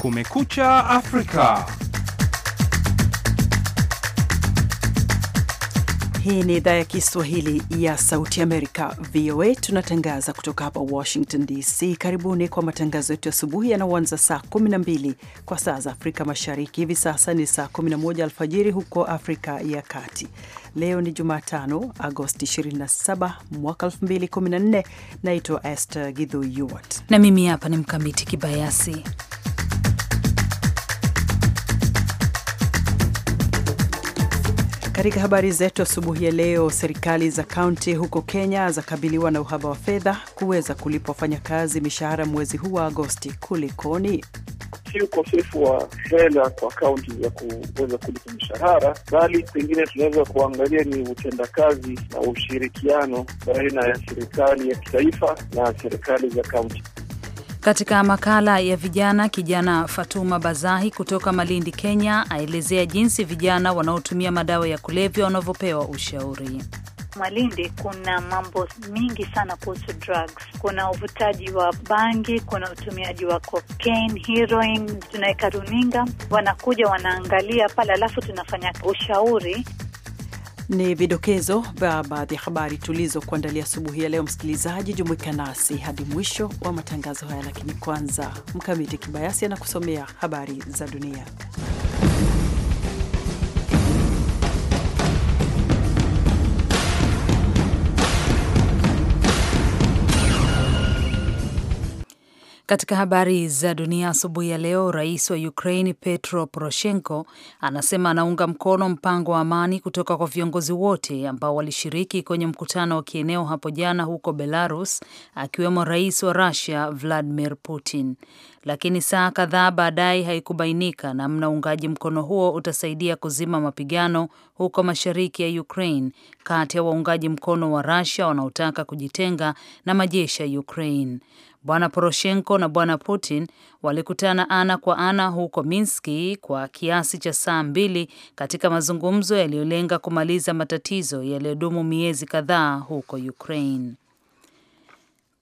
Kumekucha Afrika. Hii ni idhaa ya Kiswahili ya Sauti Amerika, VOA. Tunatangaza kutoka hapa Washington DC. Karibuni kwa matangazo yetu ya asubuhi yanaoanza saa 12 kwa saa za Afrika Mashariki. Hivi sasa ni saa 11 alfajiri huko Afrika ya Kati. Leo ni Jumatano, Agosti 27 mwaka 2014. Naitwa Esther Gidhu na mimi hapa ni Mkamiti Kibayasi. Katika habari zetu asubuhi ya leo, serikali za kaunti huko Kenya zakabiliwa na uhaba wa fedha kuweza kulipa wafanyakazi mishahara mwezi huu wa Agosti. Kulikoni? Si ukosefu wa hela kwa kaunti za kuweza kulipa mishahara, bali pengine tunaweza kuangalia ni utendakazi na ushirikiano baina ya serikali ya kitaifa na serikali za kaunti. Katika makala ya vijana, kijana Fatuma Bazahi kutoka Malindi, Kenya, aelezea jinsi vijana wanaotumia madawa ya kulevya wanavyopewa ushauri. Malindi kuna mambo mingi sana kuhusu drugs. Kuna uvutaji wa bangi, kuna utumiaji wa cocaine, heroin. Tunaweka runinga, wanakuja wanaangalia pale, alafu tunafanya ushauri ni vidokezo vya baadhi ya habari tulizokuandalia asubuhi ya leo. Msikilizaji, jumuika nasi hadi mwisho wa matangazo haya, lakini kwanza, Mkamiti Kibayasi anakusomea habari za dunia. Katika habari za dunia asubuhi ya leo, rais wa Ukraini Petro Poroshenko anasema anaunga mkono mpango wa amani kutoka kwa viongozi wote ambao walishiriki kwenye mkutano wa kieneo hapo jana huko Belarus, akiwemo rais wa Rusia Vladimir Putin lakini saa kadhaa baadaye haikubainika namna uungaji mkono huo utasaidia kuzima mapigano huko mashariki ya Ukraine kati ya waungaji mkono wa Russia wanaotaka kujitenga na majeshi ya Ukraine. Bwana Poroshenko na Bwana Putin walikutana ana kwa ana huko Minski kwa kiasi cha saa mbili katika mazungumzo yaliyolenga kumaliza matatizo yaliyodumu miezi kadhaa huko Ukraine.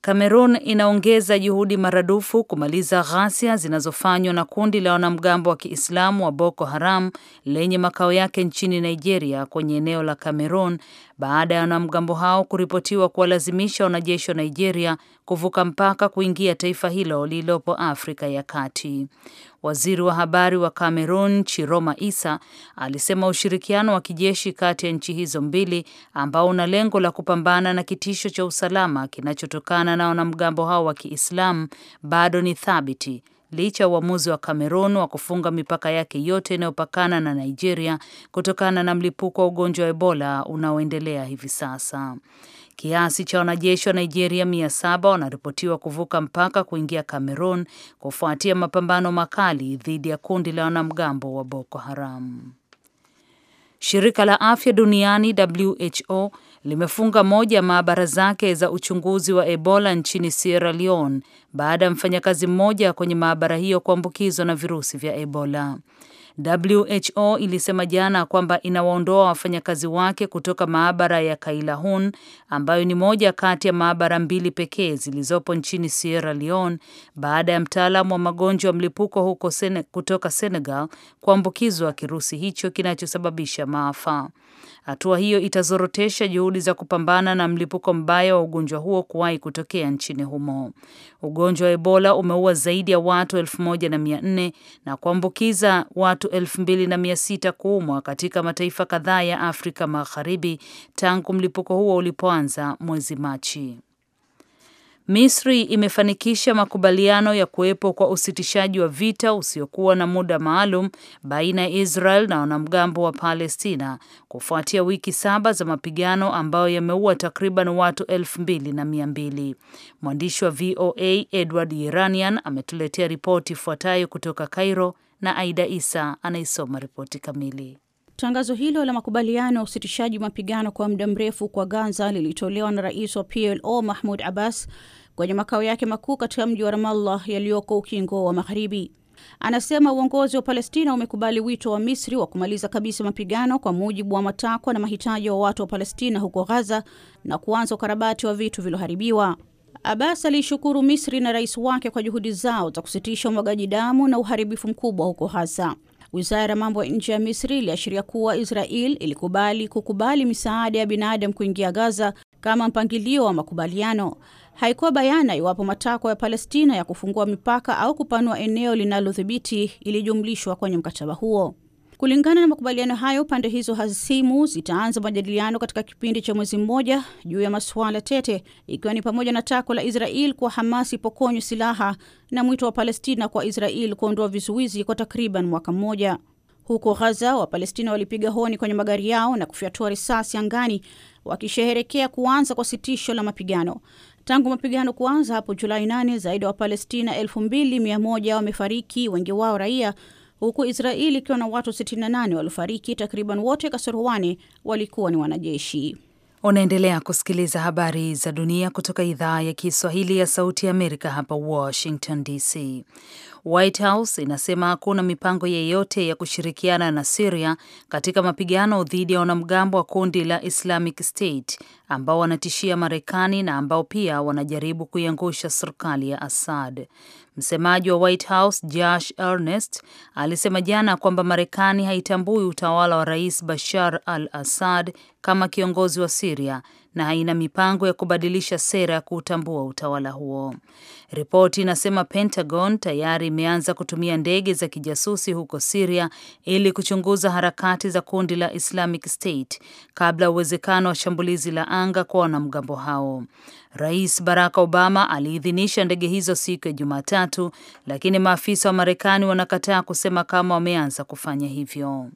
Kamerun inaongeza juhudi maradufu kumaliza ghasia zinazofanywa na kundi la wanamgambo wa Kiislamu wa Boko Haram lenye makao yake nchini Nigeria kwenye eneo la Kamerun baada ya wanamgambo hao kuripotiwa kuwalazimisha wanajeshi wa Nigeria kuvuka mpaka kuingia taifa hilo lililopo Afrika ya Kati. Waziri wa habari wa Cameroon Chiroma isa alisema ushirikiano wa kijeshi kati ya nchi hizo mbili ambao una lengo la kupambana na kitisho cha usalama kinachotokana na wanamgambo hao wa Kiislamu bado ni thabiti licha ya uamuzi wa Cameroon wa kufunga mipaka yake yote inayopakana na Nigeria kutokana na mlipuko wa ugonjwa wa Ebola unaoendelea hivi sasa. Kiasi cha wanajeshi wa Nigeria mia saba wanaripotiwa kuvuka mpaka kuingia Cameroon kufuatia mapambano makali dhidi ya kundi la wanamgambo wa Boko Haram. Shirika la Afya Duniani WHO limefunga moja ya maabara zake za uchunguzi wa Ebola nchini Sierra Leone baada ya mfanyakazi mmoja kwenye maabara hiyo kuambukizwa na virusi vya Ebola. WHO ilisema jana kwamba inawaondoa wafanyakazi wake kutoka maabara ya Kailahun ambayo ni moja kati ya maabara mbili pekee zilizopo nchini Sierra Leone baada ya mtaalamu wa magonjwa ya mlipuko huko Sene, kutoka Senegal kuambukizwa kirusi hicho kinachosababisha maafa. Hatua hiyo itazorotesha juhudi za kupambana na mlipuko mbaya wa ugonjwa huo kuwahi kutokea nchini humo. Ugonjwa wa Ebola umeua zaidi ya watu elfu moja na mia nne na kuambukiza watu elfu mbili na mia sita kuumwa katika mataifa kadhaa ya Afrika Magharibi tangu mlipuko huo ulipoanza mwezi Machi. Misri imefanikisha makubaliano ya kuwepo kwa usitishaji wa vita usiokuwa na muda maalum baina ya Israel na wanamgambo wa Palestina kufuatia wiki saba za mapigano ambayo yameua takriban watu elfu mbili na mia mbili. Mwandishi wa VOA Edward iranian ametuletea ripoti ifuatayo kutoka Cairo na Aida Isa anaisoma ripoti kamili. Tangazo hilo la makubaliano ya usitishaji mapigano kwa muda mrefu kwa Gaza lilitolewa na rais wa PLO Mahmud Abbas kwenye makao yake makuu katika mji wa Ramallah yaliyoko ukingo wa Magharibi. Anasema uongozi wa Palestina umekubali wito wa Misri wa kumaliza kabisa mapigano kwa mujibu wa matakwa na mahitaji ya wa watu wa Palestina huko Gaza na kuanza ukarabati wa vitu vilioharibiwa. Abbas aliishukuru Misri na rais wake kwa juhudi zao za kusitisha umwagaji damu na uharibifu mkubwa huko Gaza. Wizara ya mambo ya nje ya Misri iliashiria kuwa Israel ilikubali kukubali misaada ya binadamu kuingia Gaza kama mpangilio wa makubaliano. Haikuwa bayana iwapo matakwa ya Palestina ya kufungua mipaka au kupanua eneo linalodhibiti ilijumlishwa kwenye mkataba huo. Kulingana na makubaliano hayo, pande hizo hasimu zitaanza majadiliano katika kipindi cha mwezi mmoja juu ya masuala tete, ikiwa ni pamoja na takwa la Israel kwa Hamas ipokonywe silaha na mwito wa Palestina kwa Israel kuondoa vizuizi kwa takriban mwaka mmoja. Huko Ghaza, Wapalestina walipiga honi kwenye magari yao na kufyatua risasi angani wakisherehekea kuanza kwa sitisho la mapigano. Tangu mapigano kuanza hapo Julai 8 zaidi ya Wapalestina 21 wamefariki, wengi wao raia, huku Israeli ikiwa na watu 68 waliofariki, takriban wote kasuruani walikuwa ni wanajeshi. Unaendelea kusikiliza habari za dunia kutoka idhaa ya Kiswahili ya Sauti ya Amerika hapa Washington DC. White House inasema hakuna mipango yeyote ya kushirikiana na siria katika mapigano dhidi ya wanamgambo wa kundi la Islamic State ambao wanatishia Marekani na ambao pia wanajaribu kuiangusha serikali ya Assad. Msemaji wa White House Josh Earnest alisema jana kwamba Marekani haitambui utawala wa Rais Bashar al-Assad kama kiongozi wa siria na haina mipango ya kubadilisha sera ya kuutambua utawala huo. Ripoti inasema Pentagon tayari imeanza kutumia ndege za kijasusi huko Siria ili kuchunguza harakati za kundi la Islamic State kabla ya uwezekano wa shambulizi la anga kwa wanamgambo hao. Rais Barack Obama aliidhinisha ndege hizo siku ya Jumatatu, lakini maafisa wa Marekani wanakataa kusema kama wameanza kufanya hivyo.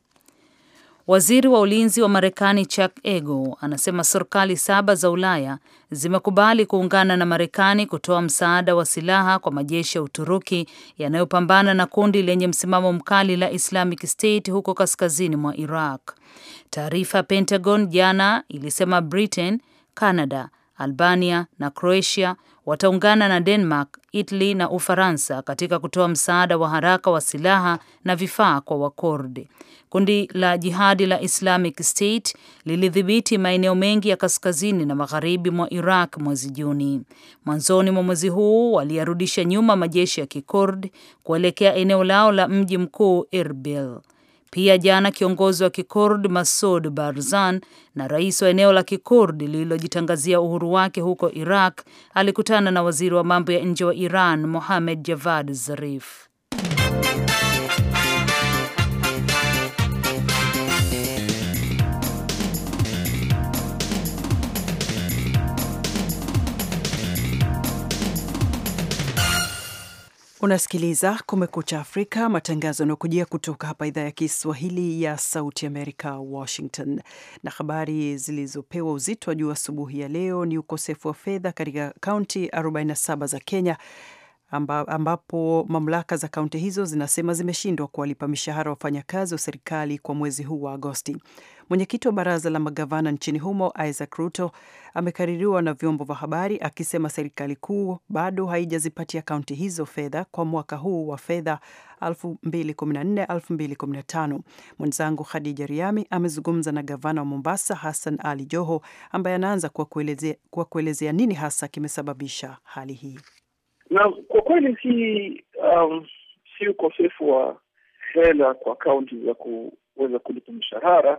Waziri wa ulinzi wa Marekani Chuck Ego anasema serikali saba za Ulaya zimekubali kuungana na Marekani kutoa msaada wa silaha kwa majeshi ya Uturuki yanayopambana na kundi lenye msimamo mkali la Islamic State huko kaskazini mwa Iraq. Taarifa ya Pentagon jana ilisema Britain, Canada, Albania na Croatia wataungana na Denmark, Italy na Ufaransa katika kutoa msaada wa haraka wa silaha na vifaa kwa Wakurdi. Kundi la jihadi la Islamic State lilidhibiti maeneo mengi ya kaskazini na magharibi mwa Iraq mwezi Juni. Mwanzoni mwa mwezi huu waliyarudisha nyuma majeshi ya Kikurdi kuelekea eneo lao la mji mkuu Erbil. Pia jana kiongozi wa Kikurd Masud Barzan na rais wa eneo la Kikurd lililojitangazia uhuru wake huko Iraq alikutana na waziri wa mambo ya nje wa Iran Mohamed Javad Zarif. Unasikiliza Kumekucha Afrika, matangazo yanaokujia kutoka hapa idhaa ya Kiswahili ya Sauti Amerika, Washington. Na habari zilizopewa uzito wa juu asubuhi ya leo ni ukosefu wa fedha katika kaunti 47 za Kenya ambapo mamlaka za kaunti hizo zinasema zimeshindwa kuwalipa mishahara wafanyakazi wa serikali kwa mwezi huu wa Agosti. Mwenyekiti wa baraza la magavana nchini humo Isaac Ruto amekaririwa na vyombo vya habari akisema serikali kuu bado haijazipatia kaunti hizo fedha kwa mwaka huu wa fedha 2014-2015. Mwenzangu Khadija Riami amezungumza na gavana wa Mombasa Hassan Ali Joho ambaye anaanza kwa kuelezea kwa kuelezea nini hasa kimesababisha hali hii. Na kwa kweli si um, si ukosefu wa hela kwa kaunti za kuweza kulipa mshahara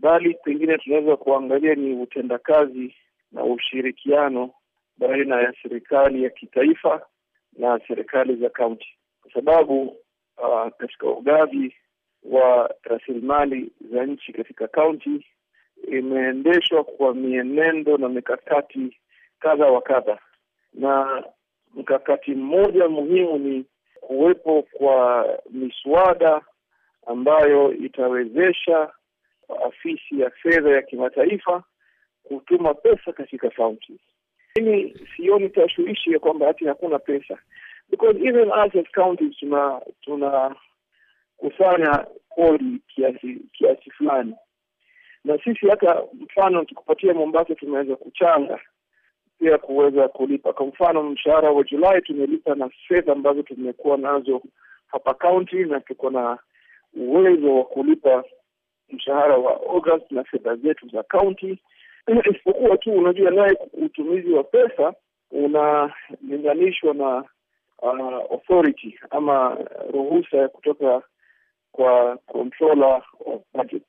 bali pengine tunaweza kuangalia ni utendakazi na ushirikiano baina ya serikali ya kitaifa na serikali za kaunti, kwa sababu uh, katika ugavi wa rasilimali za nchi katika kaunti imeendeshwa kwa mienendo na mikakati kadha wa kadha, na mkakati mmoja muhimu ni kuwepo kwa miswada ambayo itawezesha afisi ya fedha ya kimataifa kutuma pesa katika kaunti. Mimi sioni tashuishi ya kwamba hati hakuna pesa because even as a county tuna tunakusanya kodi kiasi kiasi fulani, na sisi hata mfano tukupatia Mombasa tumeweza kuchanga pia kuweza kulipa. Kwa mfano mshahara wa Julai tumelipa na fedha ambazo tumekuwa nazo hapa county, na tuko na uwezo wa kulipa mshahara wa August na fedha zetu za kaunti, isipokuwa tu unajua, naye utumizi wa pesa unalinganishwa na uh, authority ama ruhusa kutoka kwa controller of budget.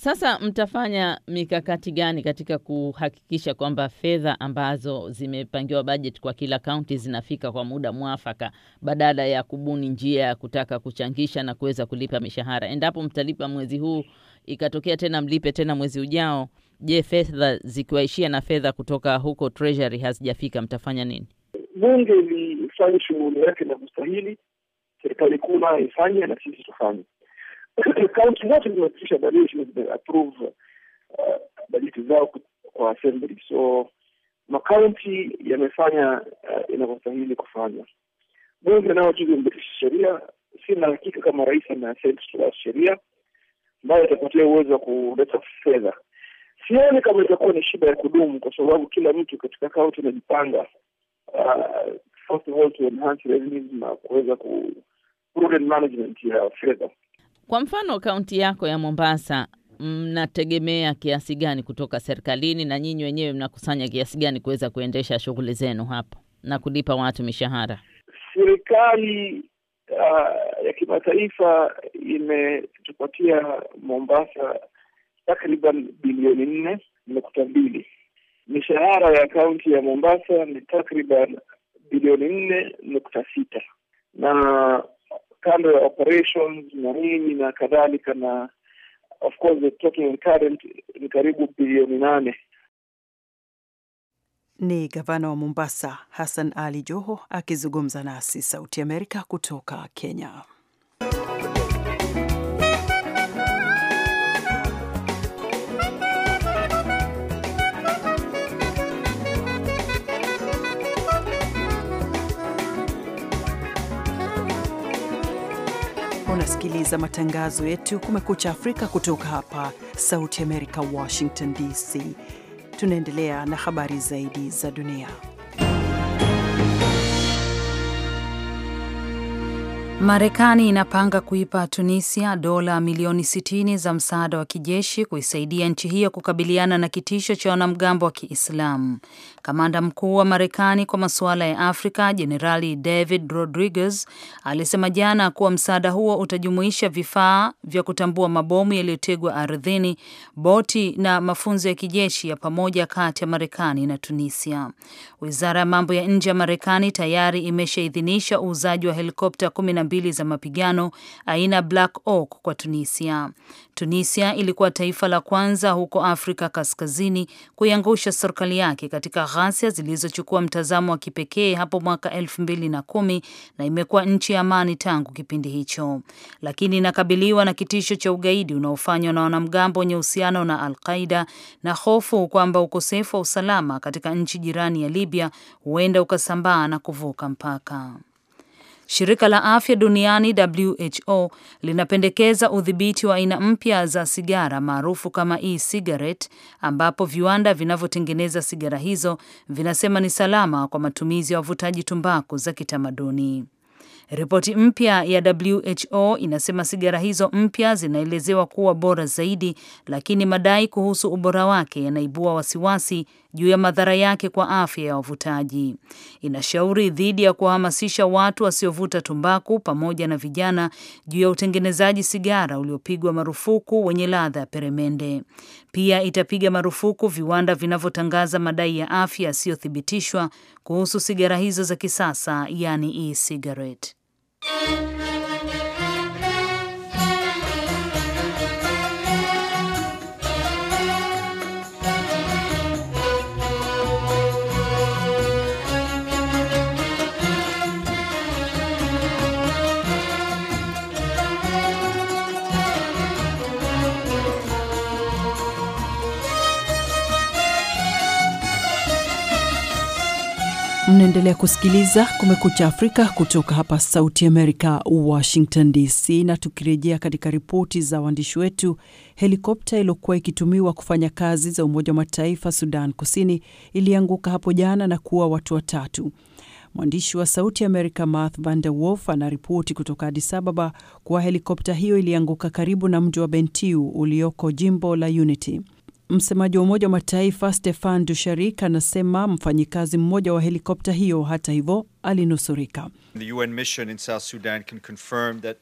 Sasa mtafanya mikakati gani katika kuhakikisha kwamba fedha ambazo zimepangiwa bajeti kwa kila kaunti zinafika kwa muda mwafaka, badala ya kubuni njia ya kutaka kuchangisha na kuweza kulipa mishahara? Endapo mtalipa mwezi huu, ikatokea tena mlipe tena mwezi ujao, je, fedha zikiwaishia na fedha kutoka huko treasury hazijafika, mtafanya nini? Bunge lifanye shughuli yake inavyostahili, serikali kuu nayo ifanye na sisi tufanye. kaunti zote zimepitisha bajeti, zimeapprove uh, bajeti zao kwa assembly, so makaunti yamefanya uh, inavyostahili kufanya. Bunge nao juzi limepitisha sheria. Sina hakika kama rais ameasent sheria ambayo itapatia uwezo wa kuleta fedha. Sioni kama itakuwa ni shida ya kudumu, kwa sababu kila mtu katika kaunti anajipanga uh, first of all to enhance revenues na kuweza ku prudent management ya fedha kwa mfano kaunti yako ya Mombasa mnategemea kiasi gani kutoka serikalini na nyinyi wenyewe mnakusanya kiasi gani kuweza kuendesha shughuli zenu hapo na kulipa watu mishahara? Serikali uh, ya kimataifa imetupatia Mombasa takriban bilioni nne nukta mbili. Mishahara ya kaunti ya Mombasa ni takriban bilioni nne nukta sita na kando ya operations na nini na kadhalika, na of course the total current ni karibu bilioni nane. Ni gavana wa Mombasa Hassan Ali Joho akizungumza nasi Sauti Amerika kutoka Kenya. Unasikiliza matangazo yetu Kumekucha Afrika kutoka hapa Sauti Amerika, Washington DC. Tunaendelea na habari zaidi za dunia. Marekani inapanga kuipa Tunisia dola milioni 60 za msaada wa kijeshi kuisaidia nchi hiyo kukabiliana na kitisho cha wanamgambo wa Kiislamu. Kamanda mkuu wa Marekani kwa masuala ya Afrika, Jenerali David Rodriguez, alisema jana kuwa msaada huo utajumuisha vifaa vya kutambua mabomu yaliyotegwa ardhini, boti na mafunzo ya kijeshi ya pamoja kati ya Marekani na Tunisia. Wizara ya mambo ya nje ya Marekani tayari imeshaidhinisha uuzaji wa helikopta mbili za mapigano aina Black Hawk kwa Tunisia. Tunisia ilikuwa taifa la kwanza huko Afrika Kaskazini kuiangusha serikali yake katika ghasia zilizochukua mtazamo wa kipekee hapo mwaka elfu mbili na kumi na imekuwa nchi ya amani tangu kipindi hicho, lakini inakabiliwa na kitisho cha ugaidi unaofanywa na wanamgambo wenye uhusiano na Al na hofu kwamba ukosefu wa usalama katika nchi jirani ya Libya huenda ukasambaa na kuvuka mpaka. Shirika la Afya Duniani WHO linapendekeza udhibiti wa aina mpya za sigara maarufu kama e-cigarette ambapo viwanda vinavyotengeneza sigara hizo vinasema ni salama kwa matumizi ya wa wavutaji tumbaku za kitamaduni. Ripoti mpya ya WHO inasema sigara hizo mpya zinaelezewa kuwa bora zaidi, lakini madai kuhusu ubora wake yanaibua wasiwasi juu ya madhara yake kwa afya ya wavutaji. Inashauri dhidi ya kuwahamasisha watu wasiovuta tumbaku pamoja na vijana juu ya utengenezaji sigara uliopigwa marufuku wenye ladha ya peremende. Pia itapiga marufuku viwanda vinavyotangaza madai ya afya yasiyothibitishwa kuhusu sigara hizo za kisasa, yani e-cigarette. Mnaendelea kusikiliza Kumekucha Afrika kutoka hapa Sauti Amerika, Washington DC. Na tukirejea katika ripoti za waandishi wetu, helikopta iliyokuwa ikitumiwa kufanya kazi za Umoja wa Mataifa Sudan Kusini ilianguka hapo jana na kuwa watu watatu. Mwandishi wa Sauti Amerika math vandewolf anaripoti kutoka adisababa Ababa kuwa helikopta hiyo ilianguka karibu na mji wa Bentiu ulioko jimbo la Unity. Msemaji wa Umoja wa Mataifa Stefan Dusharik anasema mfanyikazi mmoja wa helikopta hiyo hata hivyo alinusurika. The UN mission in South Sudan can confirm that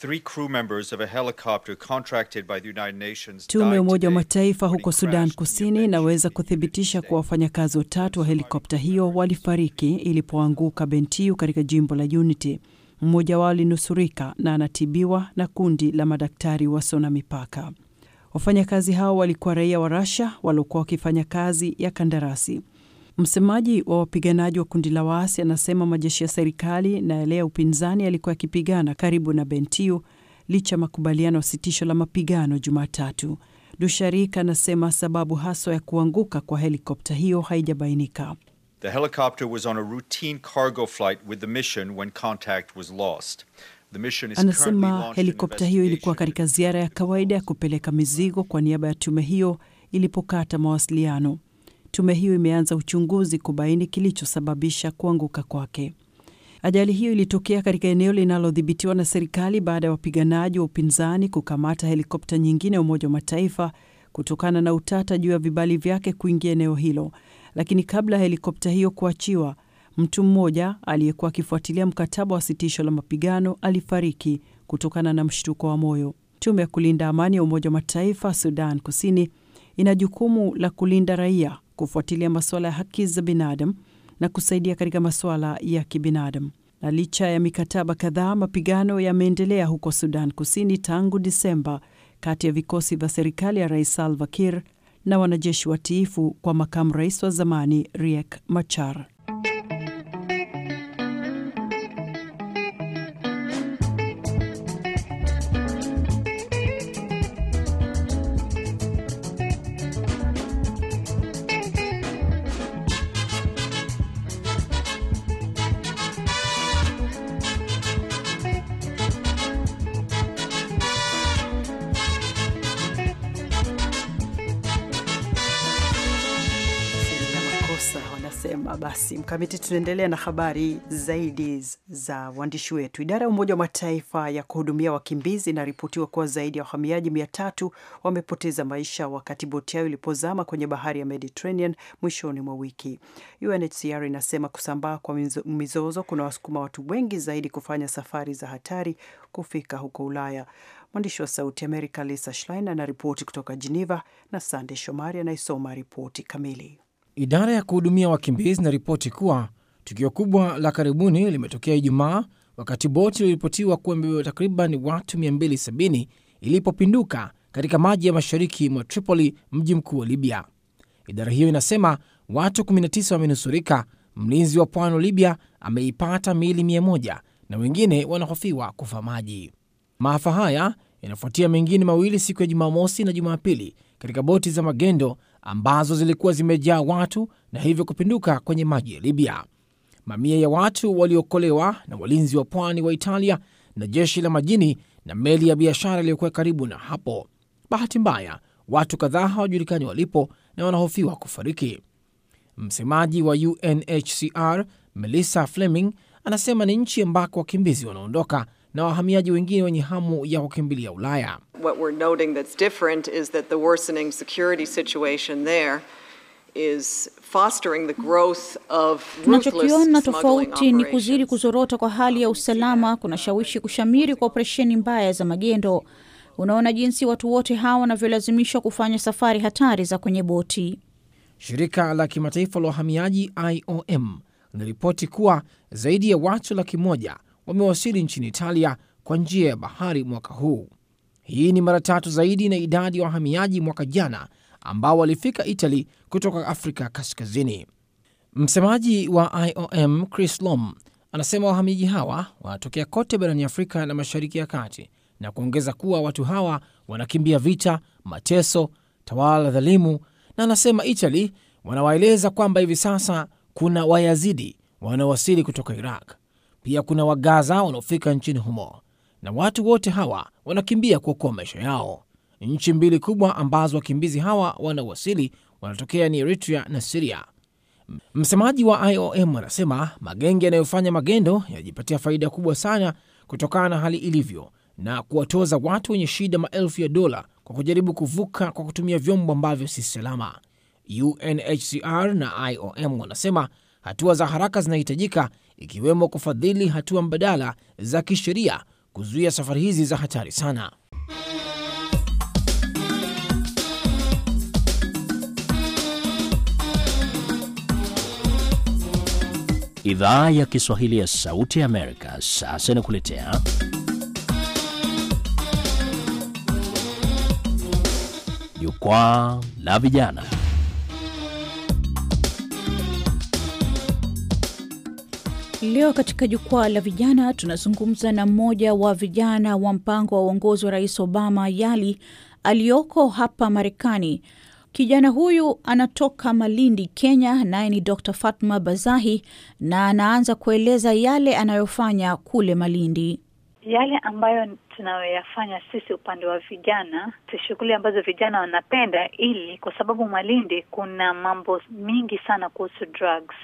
three crew members of a helicopter contracted by the United Nations. Tume ya Umoja wa Mataifa huko Sudan Kusini inaweza kuthibitisha kuwa wafanyakazi watatu wa helikopta hiyo walifariki ilipoanguka Bentiu katika jimbo la Unity. Mmoja wao alinusurika na anatibiwa na kundi la madaktari wasio na mipaka. Wafanyakazi hao walikuwa raia wa rasha waliokuwa wakifanya kazi ya kandarasi. Msemaji wa wapiganaji wa kundi la waasi anasema majeshi ya serikali na yale ya upinzani yalikuwa yakipigana karibu na Bentiu licha ya makubaliano ya sitisho la mapigano Jumatatu. Dusharik anasema sababu haswa ya kuanguka kwa helikopta hiyo haijabainika. The helicopter was on a routine cargo flight with the mission when contact was lost. Anasema helikopta hiyo ilikuwa katika ziara ya kawaida ya kupeleka mizigo kwa niaba ya tume hiyo ilipokata mawasiliano. Tume hiyo imeanza uchunguzi kubaini kilichosababisha kuanguka kwake. Ajali hiyo ilitokea katika eneo linalodhibitiwa na serikali baada ya wapiganaji wa upinzani kukamata helikopta nyingine ya Umoja wa Mataifa kutokana na utata juu ya vibali vyake kuingia eneo hilo. Lakini kabla ya helikopta hiyo kuachiwa, Mtu mmoja aliyekuwa akifuatilia mkataba wa sitisho la mapigano alifariki kutokana na mshtuko wa moyo. Tume ya kulinda amani ya Umoja wa Mataifa Sudan Kusini ina jukumu la kulinda raia, kufuatilia masuala ya haki za binadamu na kusaidia katika masuala ya kibinadamu. Na licha ya mikataba kadhaa, mapigano yameendelea huko Sudan Kusini tangu Disemba kati ya vikosi vya serikali ya Rais Salva Kiir na wanajeshi watiifu kwa makamu rais wa zamani Riek Machar. Basi Mkamiti, tunaendelea na habari zaidi za waandishi wetu. Idara ya Umoja wa Mataifa ya kuhudumia wakimbizi inaripotiwa kuwa zaidi ya wahamiaji mia tatu wamepoteza maisha wakati boti yao ilipozama kwenye bahari ya Mediterranean mwishoni mwa wiki. UNHCR inasema kusambaa kwa mizozo kunawasukuma watu wengi zaidi kufanya safari za hatari kufika huko Ulaya. Mwandishi wa Sauti Amerika Lisa Schlein anaripoti kutoka Geneva na Sande Shomari anayesoma ripoti kamili. Idara ya kuhudumia wakimbizi inaripoti kuwa tukio kubwa la karibuni limetokea Ijumaa wakati boti liliripotiwa kuwa imebeba takriban watu 270 ilipopinduka katika maji ya mashariki mwa Tripoli, mji mkuu wa Libya. Idara hiyo inasema watu 19 wamenusurika. Mlinzi wa pwani wa Libya ameipata miili 1 na wengine wanahofiwa kufa maji. Maafa haya yanafuatia mengine mawili siku ya Jumamosi na Jumapili katika boti za magendo ambazo zilikuwa zimejaa watu na hivyo kupinduka kwenye maji ya Libya. Mamia ya watu waliokolewa na walinzi wa pwani wa Italia na jeshi la majini na meli ya biashara iliyokuwa karibu na hapo. Bahati mbaya, watu kadhaa hawajulikani walipo na wanahofiwa kufariki. Msemaji wa UNHCR Melissa Fleming anasema ni nchi ambako wakimbizi wanaondoka na wahamiaji wengine wenye hamu ya kukimbilia Ulaya. What we're noting that's different is that the worsening security situation there is fostering the growth of tunachokiona tofauti ni kuzidi kuzorota kwa hali ya usalama kunashawishi kushamiri kwa operesheni mbaya za magendo. Unaona jinsi watu wote hawa wanavyolazimishwa kufanya safari hatari za kwenye boti. Shirika la kimataifa la wahamiaji IOM linaripoti kuwa zaidi ya watu laki moja wamewasili nchini Italia kwa njia ya bahari mwaka huu. Hii ni mara tatu zaidi na idadi ya wahamiaji mwaka jana ambao walifika Itali kutoka Afrika Kaskazini. Msemaji wa IOM Chris Lom anasema wahamiaji hawa wanatokea kote barani Afrika na Mashariki ya Kati, na kuongeza kuwa watu hawa wanakimbia vita, mateso, tawala dhalimu, na anasema Itali wanawaeleza kwamba hivi sasa kuna Wayazidi wanaowasili kutoka Iraq. Pia kuna Wagaza wanaofika nchini humo, na watu wote hawa wanakimbia kuokoa maisha yao. Nchi mbili kubwa ambazo wakimbizi hawa wanaowasili wanatokea ni Eritrea na Siria. Msemaji wa IOM anasema magenge yanayofanya magendo yanajipatia faida kubwa sana kutokana na hali ilivyo, na kuwatoza watu wenye shida maelfu ya dola kwa kujaribu kuvuka kwa kutumia vyombo ambavyo si salama. UNHCR na IOM wanasema hatua za haraka zinahitajika ikiwemo kufadhili hatua mbadala za kisheria kuzuia safari hizi za hatari sana. Idhaa ya Kiswahili ya Sauti ya Amerika sasa inakuletea jukwaa la vijana. Leo katika jukwaa la vijana tunazungumza na mmoja wa vijana wa mpango wa uongozi wa Rais Obama YALI aliyoko hapa Marekani. Kijana huyu anatoka Malindi, Kenya, naye ni Dr. Fatma Bazahi na anaanza kueleza yale anayofanya kule Malindi. Yale ambayo tunayoyafanya sisi upande wa vijana, shughuli ambazo vijana wanapenda, ili kwa sababu Malindi kuna mambo mingi sana kuhusu drugs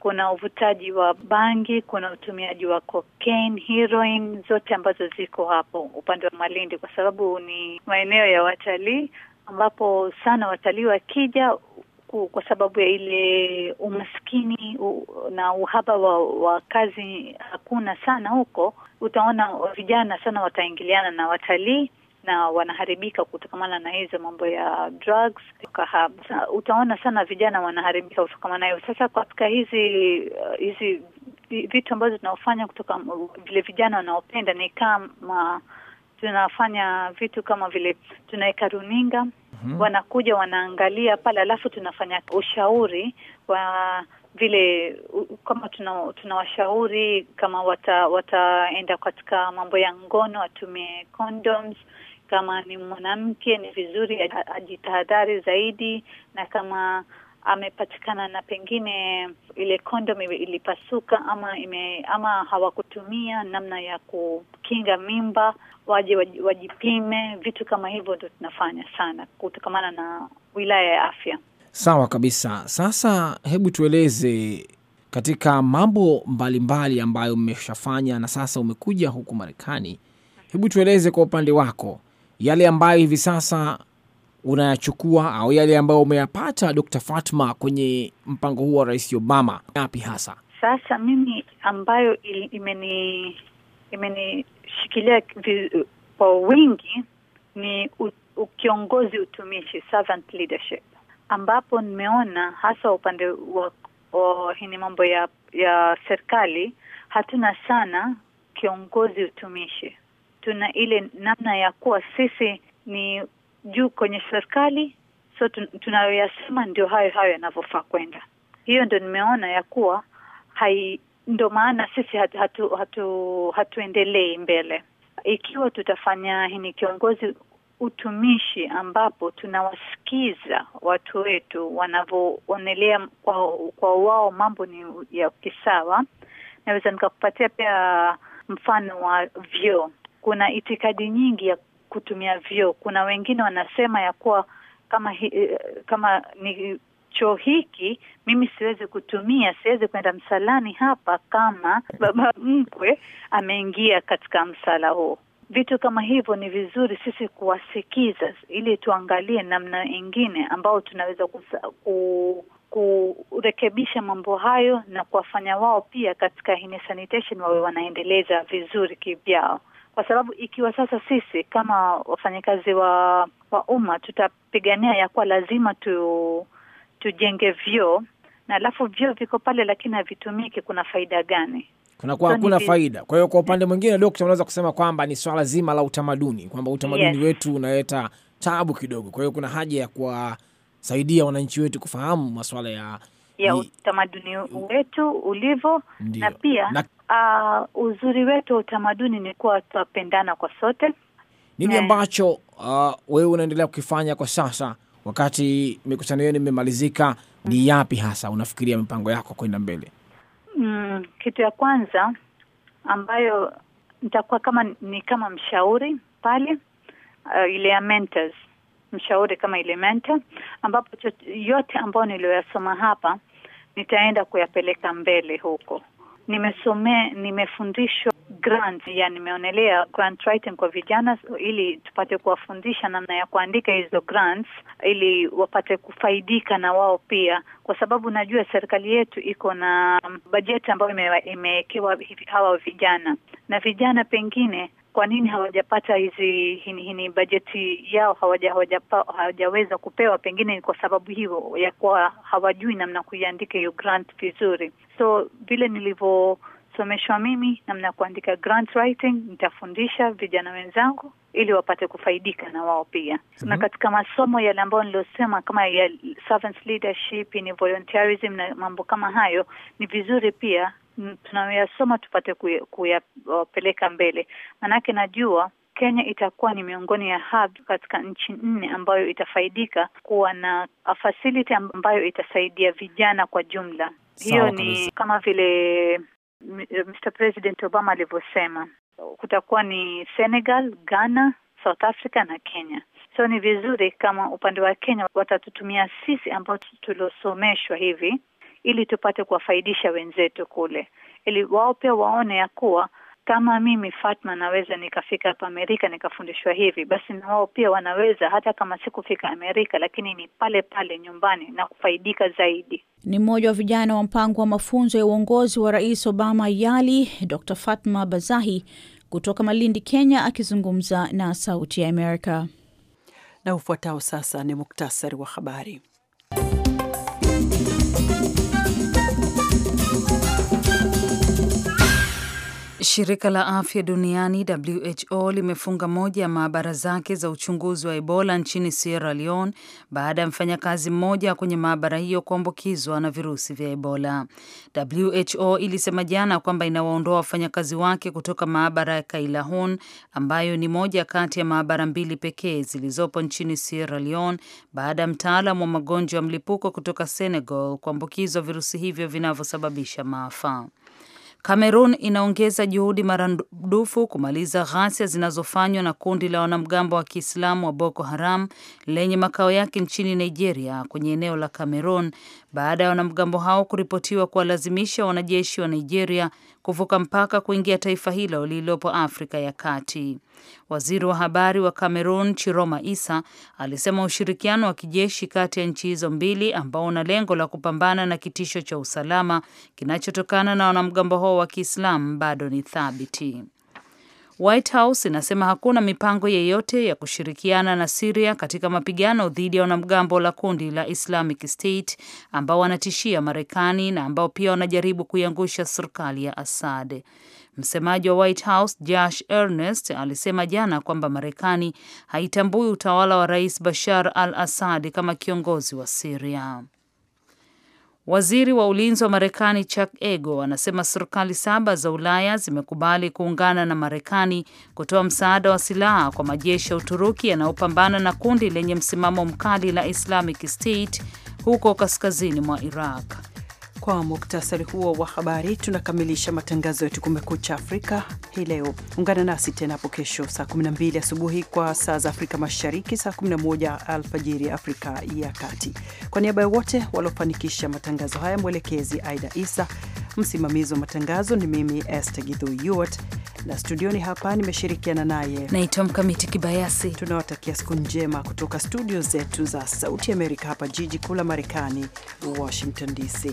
kuna uvutaji wa bangi, kuna utumiaji wa cocaine, heroin, zote ambazo ziko hapo upande wa Malindi, kwa sababu ni maeneo ya watalii ambapo sana watalii wakija kwa sababu ya ile umaskini na uhaba wa, wa kazi hakuna sana huko, utaona vijana sana wataingiliana na watalii na wanaharibika kutokamana na hizo mambo ya drugs, kahaba. Utaona sana vijana wanaharibika kutokamana nayo. Sasa katika hizi uh, hizi vitu ambazo tunaofanya kutoka vile vijana wanaopenda ni kama tunafanya vitu kama vile tunaweka runinga mm -hmm. Wanakuja wanaangalia pale, alafu tunafanya ushauri wa vile kama tunawashauri tuna kama wataenda wata katika mambo ya ngono watumie condoms kama ni mwanamke, ni vizuri ajitahadhari zaidi, na kama amepatikana na pengine ile kondom ilipasuka ama ime, ama hawakutumia namna ya kukinga mimba, waje wajipime. Vitu kama hivyo ndo tunafanya sana kutokamana na wilaya ya afya. Sawa kabisa. Sasa hebu tueleze katika mambo mbalimbali mbali ambayo mmeshafanya na sasa umekuja huku Marekani, hebu tueleze kwa upande wako yale ambayo hivi sasa unayachukua au yale ambayo umeyapata Dr. Fatma kwenye mpango huu wa Rais Obama yapi hasa sasa? Mimi ambayo imeni imenishikilia kwa wingi ni ukiongozi utumishi, servant leadership, ambapo nimeona hasa upande wa hii mambo ya ya serikali hatuna sana kiongozi utumishi tuna ile namna ya kuwa sisi ni juu kwenye serikali, so tunayoyasema ndio hayo hayo yanavyofaa kwenda. Hiyo ndo nimeona ya kuwa hai, ndo maana sisi hatuendelei hatu, hatu, hatuendelei mbele. Ikiwa tutafanya ni kiongozi utumishi ambapo tunawasikiza watu wetu wanavyoonelea kwa, kwa wao mambo ni ya kisawa. Naweza nikakupatia pia mfano wa vyoo kuna itikadi nyingi ya kutumia vyoo. Kuna wengine wanasema ya kuwa kama hi, eh, kama ni choo hiki mimi siwezi kutumia, siwezi kwenda msalani hapa kama baba mkwe ameingia katika msala huo. Vitu kama hivyo ni vizuri sisi kuwasikiza, ili tuangalie namna ingine ambao tunaweza kusa, ku, kurekebisha mambo hayo na kuwafanya wao pia katika sanitation wawe wanaendeleza vizuri kivyao kwa sababu ikiwa sasa sisi kama wafanyakazi wa, wa umma tutapigania ya kuwa lazima tu, tujenge vyoo na alafu vyoo viko pale lakini havitumiki, kuna faida gani? Kunakuwa hakuna faida. Kwa hiyo kwa upande mwingine, Dokta, unaweza kusema kwamba ni swala zima la utamaduni, kwamba utamaduni yes, wetu unaleta tabu kidogo. Kwa hiyo kuna haja ya kuwasaidia wananchi wetu kufahamu masuala ya ya utamaduni wetu ulivyo, na pia na... Uh, uzuri wetu wa utamaduni ni kuwa tunapendana kwa sote. Nini eh. ambacho uh, wewe unaendelea kukifanya kwa sasa wakati mikutano yenu imemalizika? Ni yapi hasa unafikiria mipango yako kwenda mbele? Mm, kitu ya kwanza ambayo nitakuwa kama ni kama mshauri pale, uh, ile ya mentors, mshauri kama ile mentor, ambapo yote ambayo niliyoyasoma hapa nitaenda kuyapeleka mbele huko. Nimesomea, nimefundishwa grant, yani nimeonelea grant writing kwa vijana, ili tupate kuwafundisha namna ya kuandika hizo grants, ili wapate kufaidika na wao pia, kwa sababu najua serikali yetu iko na bajeti ambayo imewekewa hawa vijana, na vijana pengine kwa nini hawajapata hizi hini, hini bajeti yao hawaja, hawajaweza kupewa, pengine ni kwa sababu hiyo ya kuwa hawajui namna kuiandika hiyo grant vizuri. So vile nilivyosomeshwa mimi namna ya kuandika grant writing, nitafundisha vijana wenzangu ili wapate kufaidika na wao pia. mm -hmm. Na mhm. katika masomo yale ambayo niliosema kama ya servants leadership, ni volunteerism na mambo kama hayo, ni vizuri pia tunayoyasoma tupate kuyapeleka mbele, manake najua Kenya itakuwa ni miongoni ya hub katika nchi nne ambayo itafaidika kuwa na facility ambayo itasaidia vijana kwa jumla. Hiyo ni kama vile Mr. President Obama alivyosema, kutakuwa ni Senegal, Ghana, South Africa na Kenya. So ni vizuri kama upande wa Kenya watatutumia sisi ambao tuliosomeshwa hivi ili tupate kuwafaidisha wenzetu kule, ili wao pia waone ya kuwa kama mimi Fatma naweza nikafika hapa Amerika nikafundishwa hivi, basi na wao pia wanaweza, hata kama sikufika Amerika, lakini ni pale pale nyumbani na kufaidika zaidi. Ni mmoja wa vijana wa mpango wa mafunzo ya uongozi wa Rais Obama YALI, Dr. Fatma Bazahi kutoka Malindi, Kenya, akizungumza na Sauti ya Amerika. Na ufuatao sasa ni muktasari wa habari. Shirika la afya duniani WHO limefunga moja ya maabara zake za uchunguzi wa Ebola nchini Sierra Leone baada ya mfanyakazi mmoja kwenye maabara hiyo kuambukizwa na virusi vya Ebola. WHO ilisema jana kwamba inawaondoa wafanyakazi wake kutoka maabara ya Kailahun ambayo ni moja kati ya maabara mbili pekee zilizopo nchini Sierra Leone baada ya mtaalam wa magonjwa ya mlipuko kutoka Senegal kuambukizwa virusi hivyo vinavyosababisha maafa. Kamerun inaongeza juhudi maradufu kumaliza ghasia zinazofanywa na kundi la wanamgambo wa Kiislamu wa Boko Haram lenye makao yake nchini Nigeria kwenye eneo la Kamerun baada ya wanamgambo hao kuripotiwa kuwalazimisha wanajeshi wa Nigeria kuvuka mpaka kuingia taifa hilo lililopo Afrika ya Kati. Waziri wa habari wa Cameroon Chiroma Isa alisema ushirikiano wa kijeshi kati ya nchi hizo mbili ambao una lengo la kupambana na kitisho cha usalama kinachotokana na wanamgambo hao wa Kiislamu bado ni thabiti. White House inasema hakuna mipango yeyote ya kushirikiana na Syria katika mapigano dhidi ya wanamgambo la kundi la Islamic State ambao wanatishia Marekani na ambao pia wanajaribu kuiangusha serikali ya Assad. Msemaji wa White House Josh Earnest alisema jana kwamba Marekani haitambui utawala wa Rais Bashar al-Assad kama kiongozi wa Syria. Waziri wa ulinzi wa Marekani Chuck Ego anasema serikali saba za Ulaya zimekubali kuungana na Marekani kutoa msaada wa silaha kwa majeshi ya Uturuki yanayopambana na kundi lenye msimamo mkali la Islamic State huko kaskazini mwa Iraq. Kwa muktasari huo wa habari, tunakamilisha matangazo yetu Kumekucha Afrika hii leo. Ungana nasi tena hapo kesho saa 12 asubuhi kwa saa za Afrika Mashariki, saa 11 alfajiri Afrika ya Kati. Kwa niaba ya wote waliofanikisha matangazo haya, mwelekezi Aida Isa Msimamizi wa matangazo ni mimi Esther Yuot, na studioni hapa nimeshirikiana naye naitwa Mkamiti Kibayasi. Tunawatakia siku njema kutoka studio zetu za Sauti Amerika hapa jiji kuu la Marekani, Washington DC.